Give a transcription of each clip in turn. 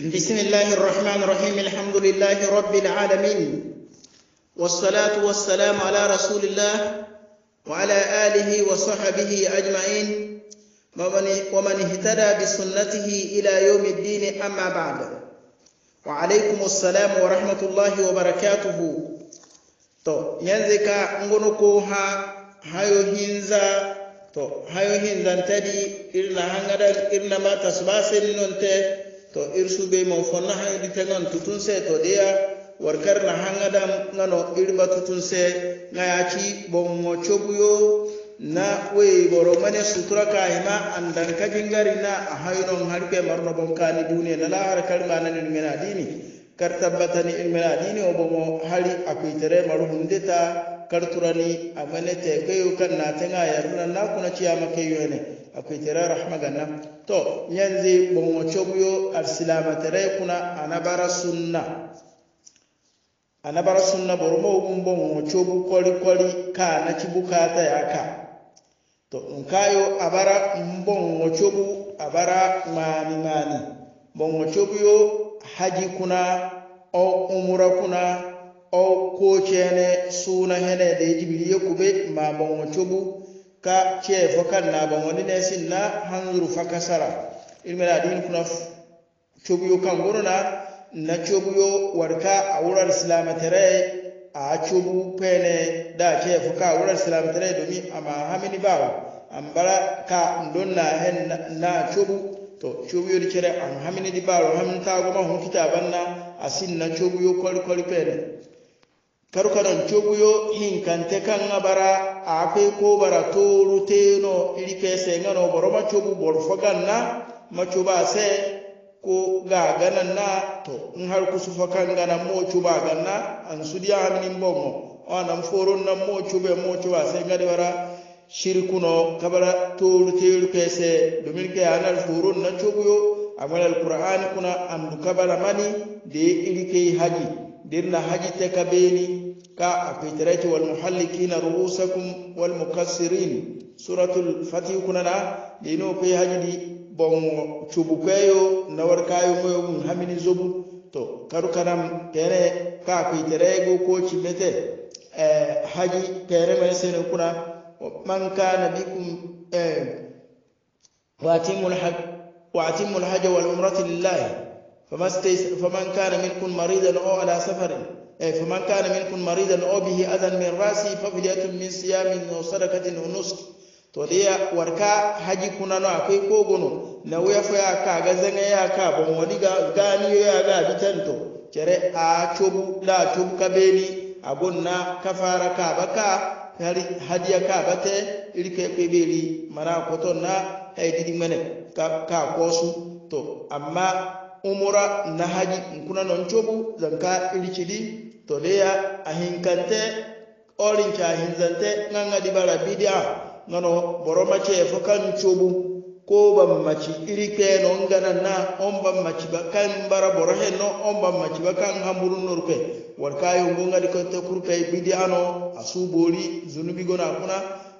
بسم الله الرحمن الرحيم الحمد لله رب العالمين والصلاة والسلام على رسول الله وعلى آله وصحبه أجمعين ومن اهتدى بسنته إلى يوم الدين أما بعد وعليكم السلام ورحمة الله وبركاته تو ينزك ka ngunuko هينزا تو hinza هينزا تدي إلا irna إلا ما تسباسل subasin to irsuɓey mon fonna di tegan tutun se to war warkar na hangadam ngano irba tutun se ngayaci bongo yo na we boro mane sutura kahima andan kajingari na a haynon harpe marno bon kani duniya na lahar karmanani ɗumena dini kar tabbatani ilmena dini o bongo hari akuitere maru hundeta karturani amane te kai kan na tenga runa na kuna ciya maka makayo ne akwai tira rahma ganna to yanzu bongo chobuyo arsilama tere kuna bara sunna bara sunna boromo gun bongo bu koli koli ka na ya ka to in kayo abara bongo chobu abara mani mani bongo chobuyo haji kuna o umura kuna o ko kene suna hene da ya jibiri ya kube ma ban wato bu ka ce fakan na ban wani ne sin na hanzuru fakasara ilmi da din kuna cobiyo kan gurna na cobiyo warka a wurar silamatare a cobu pene da ce fuka a wurar silamatare domin a ma hamini ba an bara ka don na hen na cobu to cobiyo da kere an hamini di ba hamini ta goma hun banna a asin na cobiyo kwari pene karukanan coguyo hinkante kanga bara afe ko bara toru teno iri pese ngano boro macobu borfo ganna macoba se ko ga ganan na to in har na mo mocuba ganna an sudiya haminin bongo onan foron nan mo mocuba se ngade bara no kabara toru teru pese domin ke anar foron na coguyo amal alqur'ani kuna andu kabara mani de iri kei haji dirna hajite ka beni ka apitaraki walmuhallikina ru'usakum walmukassirin suratul fatih kunana lino koye hajidi bon cubu kweyo nawar kayo moyo mum hamini zobu to karu kanam kene ka apitarego ko cimmete eh, haji perema sene kuna man ka bikum eh, watimul haj wa atimul hajja wal umrata lillahi فمن كان منكم مريضا أو على سفر فمن كان منكم مريضا أو به أذى من رأسه ففدية من صيام وصدقة ونسك to dai warka haji kuna no akwai kogono na wuya fa ya ka ga zanga ya ka ban wani ga gani ya ga bitanto kere a tubu la tubu kabeli agonna kafara ka baka hadiya ka bate irke kwebeli mana koton na haidi mene ka ka kosu to amma umura na haji Nkuna non cobu zanka irikidi toleya ahinkante orinca ahinzante ŋaŋadi bara bidia ŋano boromace fo kan cobu ko bammaci iri keno ngana na on bammaci ba kan bara boro henno on bammaci ba kan hamburun norkwe warkayo ngongadi kotte kurkay bidia no asu bori zunubi gona kuna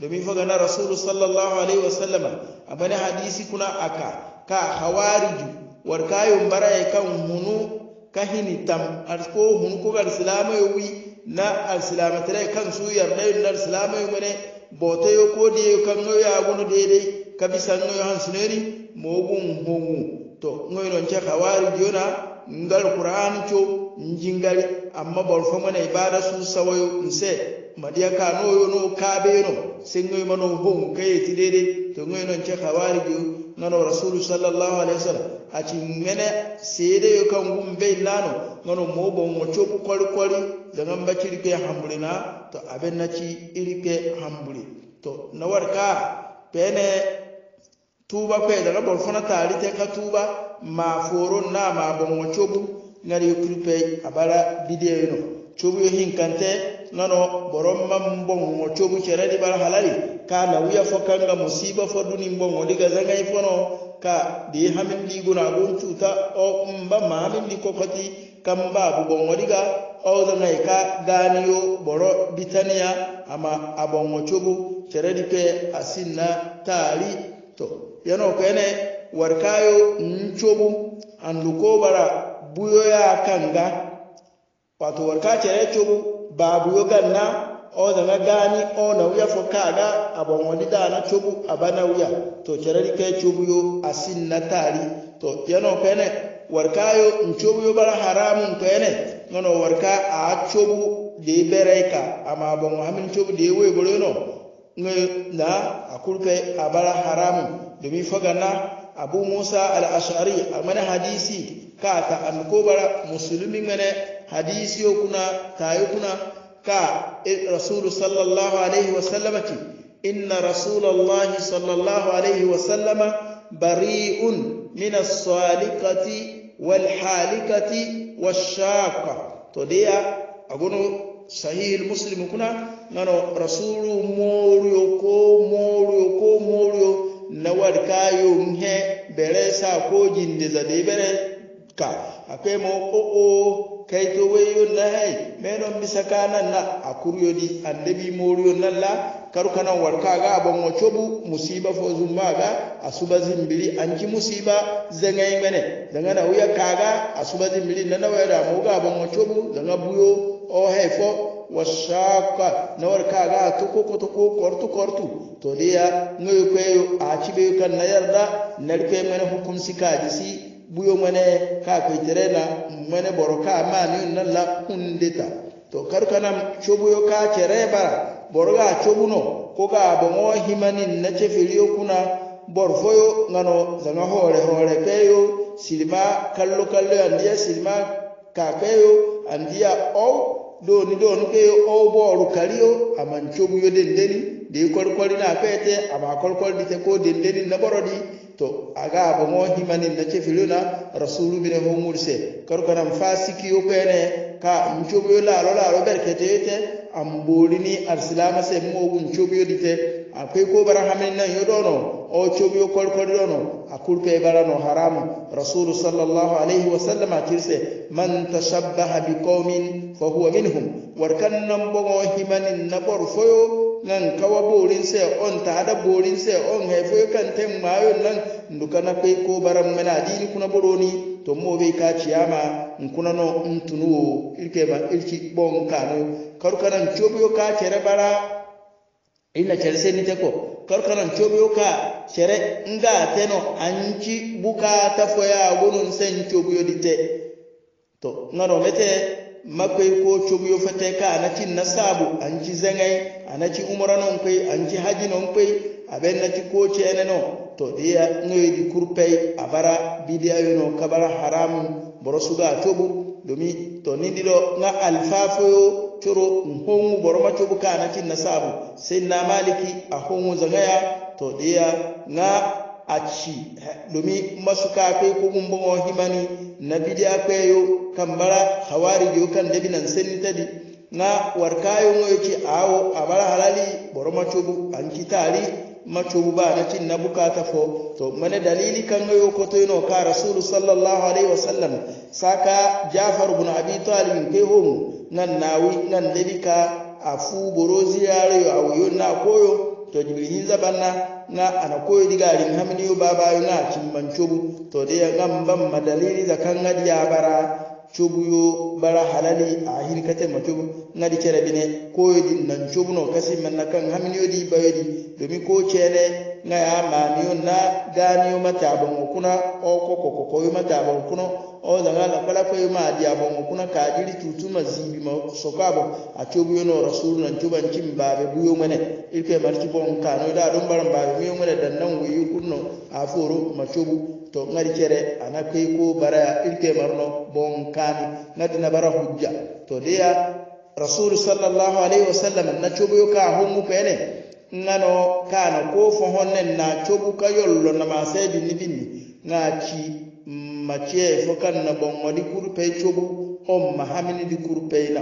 domin faga na rasulu sallallahu alaihi wasallama abani hadisi kuna aka ka hawariju warkayon baraye kan hunu kahini tam arko hunu ko gar silama yuwi wi na alsilama tare kan su yarda na alsilama yuwi ne bota yo ko de kan no ya gunu de de san no han mo gun hunu to ngoy ron cha khawari jona ngal qur'an cho njingali amma bor fo mene ibada su sawayo nse madiya ka no yo no be no sen ngoy mano hongu kayeti de de to ngoy ron cha khawari jo nono rasulu sallallahu alaihi wasallam ati mene seedeyo kangum be lano nono mobon wo coku kori kori dagan baciri ke hamburi na to abe ci iri ke hamburi to nawar ka pene tuba kwe daga bor fana tari te ka tuba ma foron na ma bon wo coku ngari yokiri pe abara bidiyo no cobu kante hinkante nano boron man bongo cobu ceradi bar halali ka wuya fo kanga musiba fo duni bongo diga zangay fono ka di hamin di guna gun cuta o mba mamin di kokoti kamba bu bongo diga o ka ganiyo boro bitaniya ama a bongo cobu ceradi pe asinna tari to yano ko ene warkayo ncobu anduko ko bara buyoya kanga wato warka cere cogu babu yogan na o gani o na wuya fo kaga abon wani da na cubu a bana wuya to cerari kai cogu yo asin na tari to yano kene warka yo in cogu yo bara haramun kene nono warka a cogu de bereka ama abon hamin de we bolo no na a abara a bara haramun domin fagana abu musa al-ashari a mana hadisi ka ta an kobara musulmi mene hadisiyo kuna kayo kuna ka e, rasulu sallallahu alaihi sallama ki inna rasulallahi sallallahu alaihi sallama bari'un min as-salikati wal halikati washaqa to dia agunu sahih muslim kuna ngano rasulu morio ko morio ko morio na kayo nhe bere sa ko jinde de bere ka akwai ma o o oh, oh, wai yo na me menon misaka nan na a kuryodi annabi moriyon nan la kar kana warka ga ban wacho bu musiba fo zumba ga asuba zimbiri an ki musiba zangai mene zanga na uya kaga asuba zimbiri nan na wayra mu ga ban wacho bu zanga buyo o fo wasaka na warka ga to ko ko to ko kortu kortu to dia ngoy ko a cibe kan na yarda narke mene hukum sikaji si buyo mane ka koitere na mane boro ka mani na la ta to karkanam chobuyo ka chere bara boro ga chobuno ko ga bomo himanin na chefiliyo kuna bor foyo ngano zanga hore hore peyo silima kallo kallo andiya silima ka peyo andia o doni doni peyo o boru kariyo aman chobuyo dendeni de korkori na pete ama korkori dite ko dendeni na borodi to aga ba mo himanin na ce filuna rasulu bine ho murse karkaran fasiki yo kwene ka nchobiyo lalo lalo berkete yete ambolini arsilama se mo gun chobiyo dite akwai ko bara hamin nan yo dono o chobiyo korkor dono akurpe bara no haram rasulu sallallahu alaihi wa wasallam akirse man tashabbaha biqaumin fa huwa minhum warkan nan bo himanin na bor foyo nan kawa borin sai on ta da borin sai on haifo kan tem mayon nan nduka na kai ko baran mana dini kuna boroni to mo be ka ciyama nkuna no ntunuwo irke ba irki bon kanu karkaran chobiyo ka cere bara illa cere sai ni te ko karkaran chobiyo ka cere nga teno anci buka ta foya gonun sen chobiyo dite to ngaro mete makwai ko cobiyo a ka anaci nasabu anci zengai anaci umra non an ci haji non kwai aben ci ko cene no to kurpai a kurpey abara bidiyayo no kabara haramu boro suga cobu domi to nindi ɗo nga alfafoyo coro n boroma cobu ka anaci nasabu sai na maliki a hongu zangaya to ya nga a aci lumi masu kafe ko bongo himani na yau kan bara hawari da kan da binan sani di na warkayo a ci awo bara halali boro macobu an kitari macobu ba na cin na bukata fo to mana dalili kan yau ko to ka rasulu sallallahu alaihi wasallam saka jafar ibn abi talib kai homu nan nawi nan dabi ka fu boro yau a wuyo na koyo to nyimri hinza banna na ana koyri garin hamniyo babayo na cimmancobu to de ya gam bamma dalili zakan gadi cobuyo bara halali a hirkate macobu ŋadi kere bine koyodi nan cobuno kasi manna kan haminiyodi bayodi domi ko cene ŋa ya maniyo na ganiyo mataboŋo kuna o kokokokoyo mataboŋo kuna o zaŋa lakpala koyo ma adiyaboŋo kuna ka jiri tutuma zibi ma sokabo a cobuyo no rasulu nan coban cin babe buyo ŋene irke marci bon kanoyo da don baran babe miyo dan dannan wiyo kunno a foro macobu to ngari a na kay ko bara inte marno bon kani ngadina bara hujja to deya rasulu sallallahu alaihi wasallam na coboyo ka hongu pene ngano kana ko fo honnen na cobu ka yollo na masedi ni binni ngaci macie fo kan na bongo di kurpe cobu on mahamini di kurpe na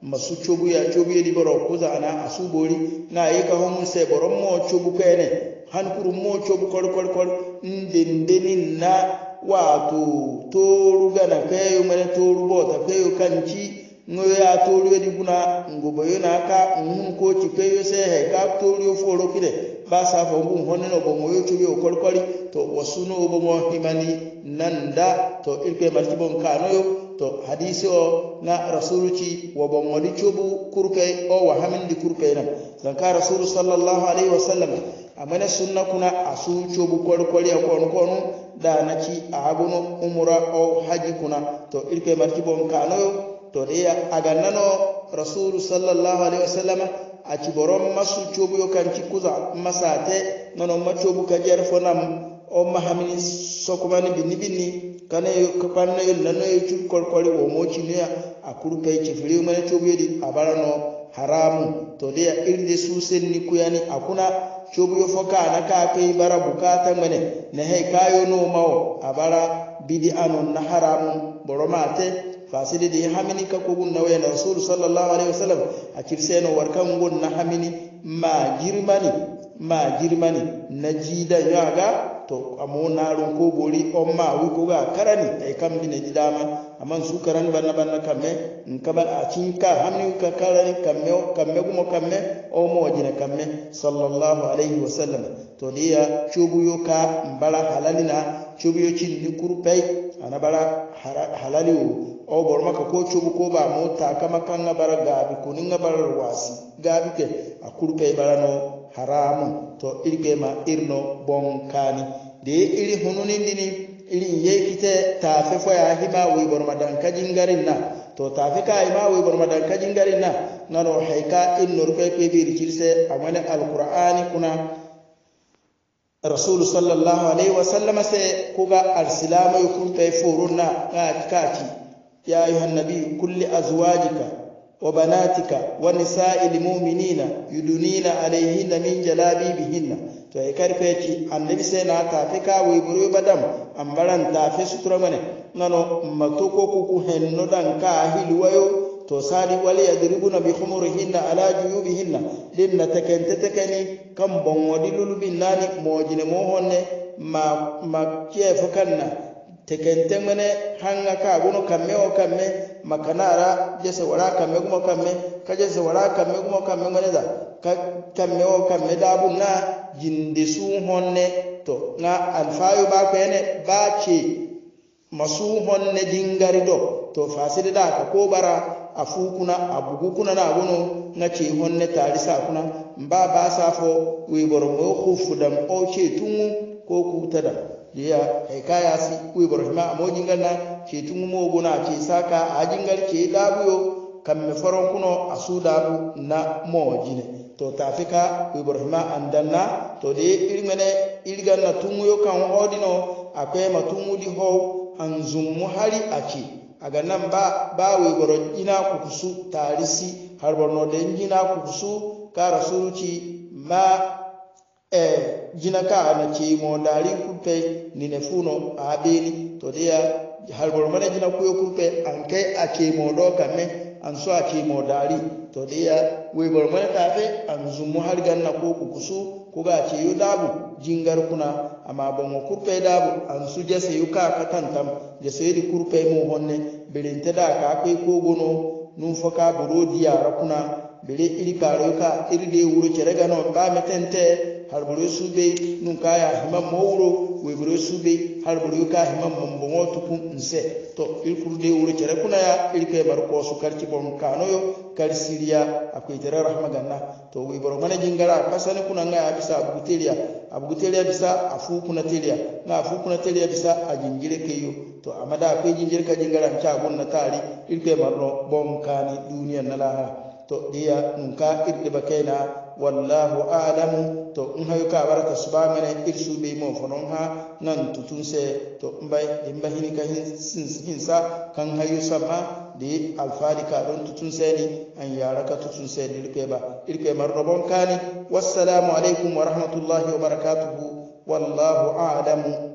masu cobu ya cobu ya di baro kuza ana asubori na yi ka hongu se boron mo cobu pene hankuru moco korkorkor ndendenin na wato toru gana peyo mene toru bota peyo kanci ŋoyo ya toru edi buna ngoboyo na aka nhun koci peyo sehe ka toru foro kile basa fa ngun honino bo ŋoyo cuyo korkori to wasuno obo mo himani nanda to irpe marci bon kanoyo to hadisi o na rasuluci wo bon ŋodi cubu kurkai, o wa hamindi kurkey nam sanka rasulu sallallahu alaihi wasallam mana sunna kuna da na ci a abunu umura o haji kuna to irke marci bon kano to a agannano rasulu sallallahu alaihi wasallama ci boron masu cobuyo kanci kuza te nono macobu kajer fonam o mahamini sokumani binni binni kana kapannayo nanoyo cu kolkoli ci fili mana cobu yadda a abarano haramu to ɗeya irde susenni kuyani akuna cobu yo foka na kafe bara bukata mene, na hai kayo no mawo bara bidi anon na haramun boromate fasidi ya hamini ka kogun na wayan rasul sallallahu alaihi wasallam a kirseno warkan gun na hamini ma girmani ma girmani na jida yaga to amma narun ko bori on ma ko ga karani ay kam ne dama aman sukarani banna banna kamme nkaban acinka hamni ka karani kamme kamme gumo kamme omo wajina kamme sallallahu alayhi wa sallam to diya cubuyo ka mbala halalina cubuyo cindi kurpay ana bara halali o o borma ka ko cubu ko ba mo ta kama kanga bara gabi kuninga bara ruwasi gabi ke akurpay bara no haramu to irgema irno bonkani de iri hununindini irin yekite tafe faya hima wai borma dankajin garin na to tafi ka hima wai borma dankajin garin na nano haika in rikir sai a wani alkur'ani kuna rasulu sallallahu alaihi wasallam sai kuga arsilama yukunpe na kati ya ayuhan nabi kulli azwajika wa banatika wa nisa'il mu'minina yudunina alayhinna min bihinna to karfe karpeci annabi sena tafe ka woyboroyo badam ambaran tafe suturamane nano ko kuku dan ka hilwayo to sali wali na bi khumurihinna ala hinna din na tekente tekeni kan bon wadi lulubin nani mojine mo ma ma kefo kanna tekente mene hanga ka agunu kamme wo kamme makanara jese wara kamme gumo kamme ka jese wara kamme gumo kamme da ka kamme wo kamme da ŋa jinde su honne to na alfayo ba ene ba ce masu honne dingari do to fasidi da ka kobara a fukuna a bugu kuna na agunu na ce honne tari sa kuna ba ba safo wiborongo hufu dam o ce tun ko da ya hekaya si kuy borhima na jingalna ke tungumo guna ke saka a jingal ke kan mai faron kuno su dabu na mo ne to tafika kuy borhima andanna to de irmene tun tunguyo kan odino akwai matungudi ho mu hari a ga nan ba ba wai boro ina kukusu tarisi har borno da ina kukusu ka rasuluci ma e jinaka na ci mo dari kurpe ni ne funo a beni to dia jina kuyo kurpe an kai a ci mo do kanne an so a ci mo dari to dia we bor mana ta fe an zumu har ku ko kukusu ko ga ci yu dabu jingar kuna amma ban mo kurpe dabu an su je se yu ka ka tantam je di kurpe mu honne birinta da ka kai ko gono nun foka burodi yara kuna bele iri karo ka iri de wuro kere gano ba metente harbore sube nun kaya himan mawuro webore sube harbore ka himan mambongo tukun nse to irkuru de wuro cere kuna ya irke barko su karci bon kanoyo kar siriya akwai tare rahma ganna to weboro mana jingara kasani kuna ngaya bisa teliya abuguteriya teliya bisa afu kuna teriya na afu kuna teliya bisa a jingire keyo to amada akwai jingire ka jingara nca gonna tari irke marro bon kani duniya na lahara to diya nunka irke bakaina wallahu alamu to in hayu ka baraka suba mene irsu be mo fonon ha nan tutun se to in bai din ba hin ka sa kan hayu sama di alfalika ka don tutun se ni an yara ka tutun se ni irke ba irke marrobon kani wassalamu alaikum wa rahmatullahi wa barakatuhu wallahu alamu